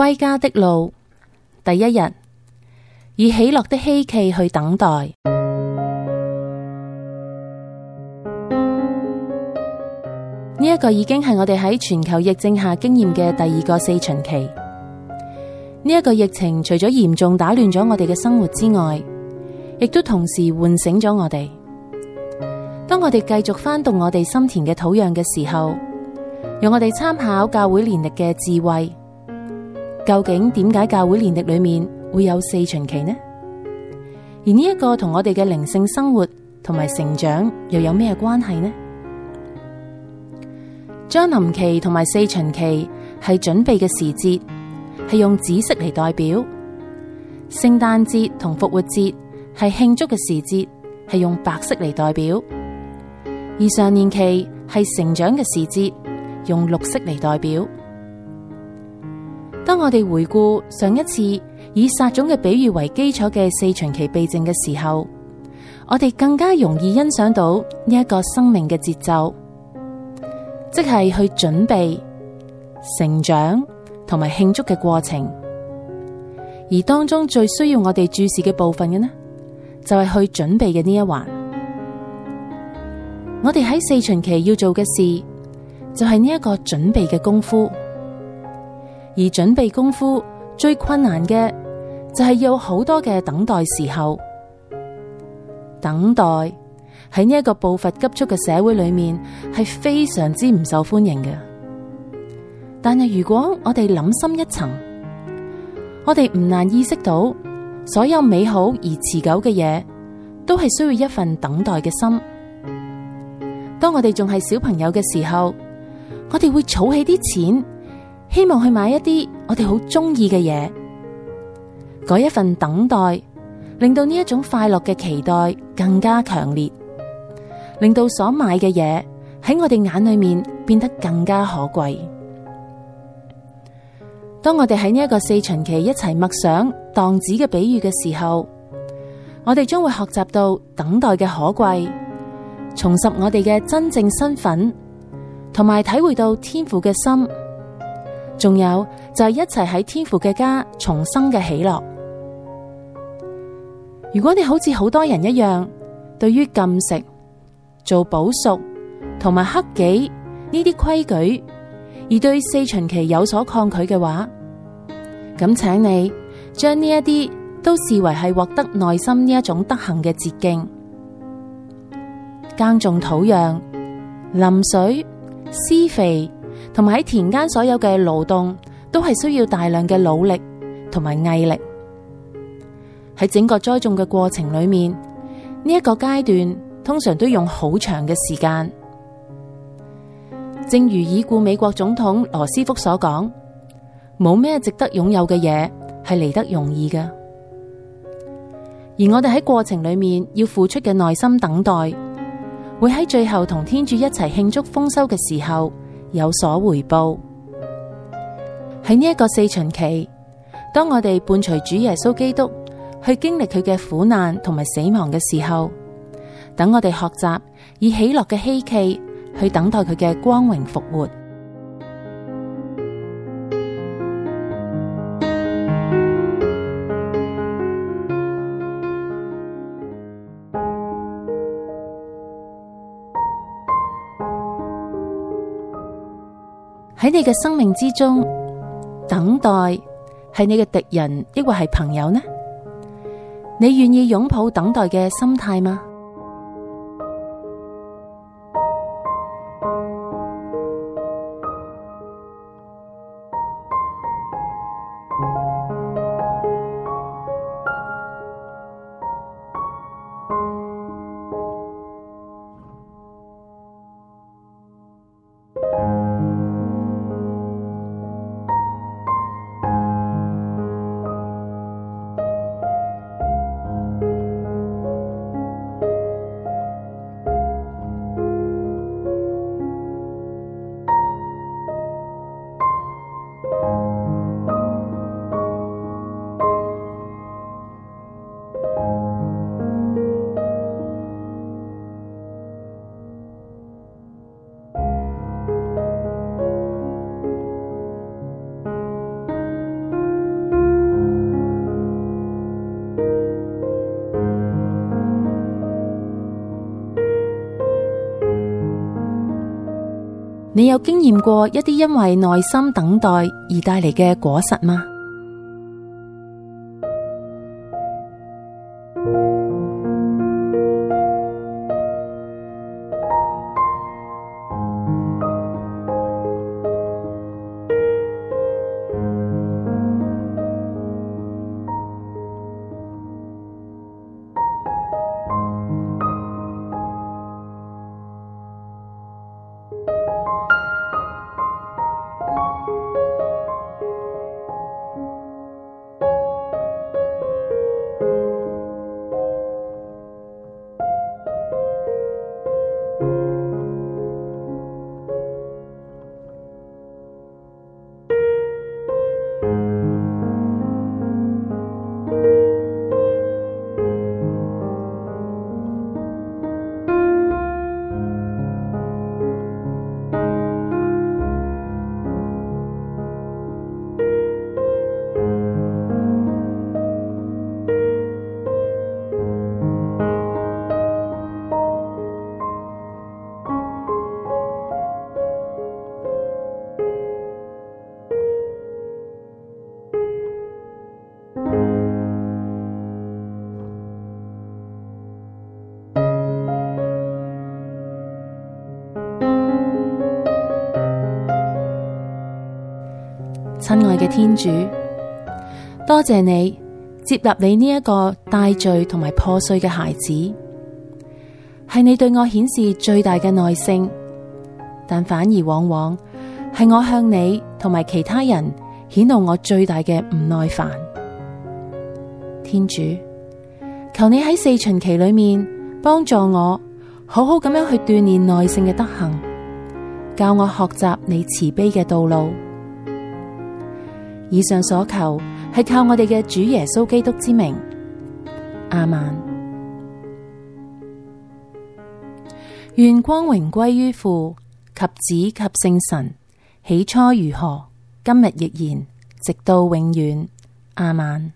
歸家的路，第一日，以喜樂的希冀去等待。呢、這、一個已經係我哋喺全球疫症下經驗嘅第二個四旬期。呢、這、一個疫情除咗嚴重打亂咗我哋嘅生活之外，亦都同時喚醒咗我哋。當我哋繼續翻動我哋心田嘅土壤嘅時候，讓我哋參考教會年曆嘅智慧。究竟點解教會年曆裏面會有四旬期呢？而呢一個同我哋嘅靈性生活同埋成長又有咩關係呢？將臨期同埋四旬期係準備嘅時節，係用紫色嚟代表。聖誕節同復活節係慶祝嘅時節，係用白色嚟代表。而常年期係成長嘅時節，用綠色嚟代表。當我哋回顧上一次以撒種嘅比喻為基礎嘅四旬期避靜嘅時候，我哋更加容易欣賞到呢一個生命嘅節奏，即係去準備、成長同埋慶祝嘅過程。而當中最需要我哋注視嘅部分嘅呢，就係、是、去準備嘅呢一環。我哋喺四旬期要做嘅事，就係呢一個準備嘅功夫。而準備功夫最困難嘅就係要有好多嘅等待時候，等待喺呢一個步伐急速嘅社會裏面係非常之唔受歡迎嘅。但係如果我哋諗深一層，我哋唔難意識到所有美好而持久嘅嘢都係需要一份等待嘅心。當我哋仲係小朋友嘅時候，我哋會儲起啲錢。希望去買一啲我哋好中意嘅嘢，嗰一份等待令到呢一種快樂嘅期待更加強烈，令到所買嘅嘢喺我哋眼裏面變得更加可貴。當我哋喺呢一個四旬期一齊默想蕩子嘅比喻嘅時候，我哋將會學習到等待嘅可貴，重拾我哋嘅真正身份，同埋體會到天父嘅心。仲有就係一齊喺天父嘅家重生嘅喜樂。如果你好似好多人一樣，對於禁食、做補贖同埋克己呢啲規矩，而對四旬期有所抗拒嘅話，咁請你將呢一啲都視為係獲得耐心呢一種德行嘅捷徑，耕種土壤、淋水、施肥。同埋喺田間所有嘅勞動，都係需要大量嘅努力同埋毅力。喺整個栽種嘅過程裏面，呢、這、一個階段通常都用好長嘅時間。正如已故美國總統羅斯福所講：冇咩值得擁有嘅嘢係嚟得容易嘅。而我哋喺過程裏面要付出嘅耐心等待，會喺最後同天主一齊慶祝豐收嘅時候，有所回報。喺呢一個四旬期，當我哋伴隨主耶穌基督去經歷佢嘅苦難同埋死亡嘅時候，等我哋學習以喜樂嘅希冀去等待佢嘅光榮復活。喺你嘅生命之中，等待係你嘅敵人，抑或係朋友呢？你願意擁抱等待嘅心態嗎？你有經驗過一啲因為耐心等待而帶嚟嘅果實嗎？親愛嘅天主，多謝你接納你呢一個帶罪同埋破碎嘅孩子，係你對我顯示最大嘅耐性，但反而往往係我向你同埋其他人顯露我最大嘅唔耐煩。天主，求你喺四旬期裏面幫助我，好好咁樣去鍛鍊耐性嘅德行，教我學習你慈悲嘅道路。以上所求，係靠我哋嘅主耶穌基督之名，亞孟。願光榮歸於父及子及聖神，起初如何，今日亦然，直到永遠，亞孟。